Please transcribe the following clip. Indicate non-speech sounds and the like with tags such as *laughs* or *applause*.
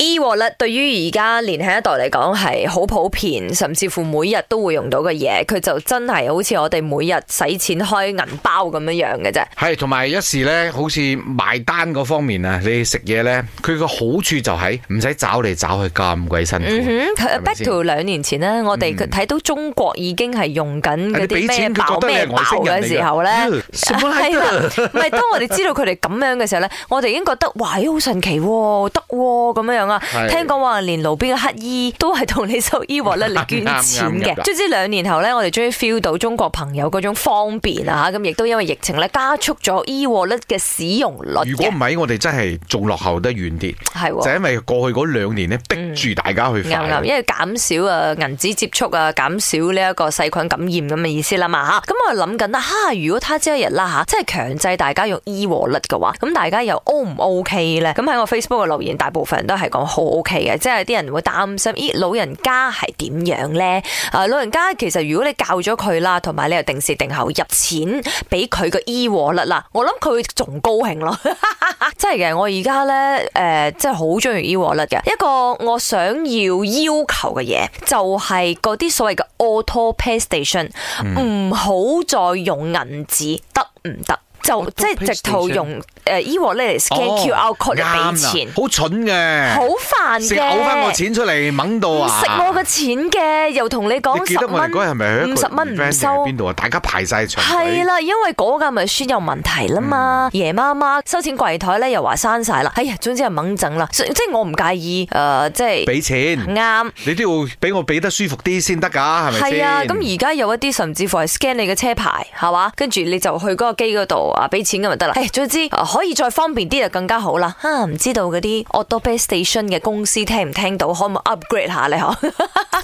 E Wallet 對於而家年輕一代嚟講係好普遍，甚至乎每日都會用到嘅嘢，佢就真係好似我哋每日使錢開銀包咁樣樣嘅啫。係，同埋一時咧，好似埋單嗰方面啊，你食嘢咧，佢個好處就係唔使找嚟找去，咁鬼辛苦。嗯哼 b a t t e 兩年前咧、嗯，我哋睇到中國已經係用緊嗰啲咩爆咩爆嘅時候咧，係啦，唔 *laughs* 係 *laughs* 當我哋知道佢哋咁樣嘅時候咧，我哋已經覺得哇，好神奇、哦，得咁樣樣。聽講話連路邊嘅乞衣都係同你收衣鑊嚟捐錢嘅，即係兩年後呢，我哋終於 feel 到中國朋友嗰種方便啊！咁亦都因為疫情呢，加速咗衣鑊笠嘅使用率。如果唔係，我哋真係做落後得遠啲。就係因為過去嗰兩年呢，逼住大家去。啱因為減少啊銀紙接觸啊，減少呢一個細菌感染咁嘅意思啦嘛。咁我諗緊啦，哈！如果他朝一日啦吓，即係強制大家用衣鑊笠嘅話，咁大家又 O 唔 OK 呢？咁喺我 Facebook 嘅留言，大部分人都係講。好 OK 嘅，即係啲人會擔心咦，老人家係點樣咧？啊，老人家其實如果你教咗佢啦，同埋你又定時定候入錢俾佢個 e-wallet，嗱，我諗佢仲高興咯、 *laughs* 呃。真係嘅，我而家咧誒，即係好中意 e-wallet 嘅一個我想要要求嘅嘢，就係嗰啲所謂嘅 auto pay station 唔、嗯、好再用銀紙得唔得？行不行就即係直頭用誒 e 嚟 scan QR code 俾錢，好蠢嘅，好煩嘅，收翻個錢出嚟，掹到啊，食我嘅錢嘅，又同你講十蚊五十蚊唔收，邊度啊？大家排晒場，係啦，因為嗰架咪輸有問題啦嘛，夜、嗯、媽媽收錢櫃枱咧又話閂晒啦，哎呀，總之係掹整啦，即係我唔介意誒、呃，即係俾錢，啱，你都要俾我俾得舒服啲先得㗎，係咪先？係啊，咁而家有一啲甚至乎係 scan 你嘅車牌，係嘛？跟住你就去嗰個機嗰度話、啊、俾錢咁就得啦，總之可以再方便啲就更加好啦。吓，唔知道嗰啲 Outdoor Station 嘅公司聽唔聽到，可唔可以 upgrade 下咧？嗬。 *laughs*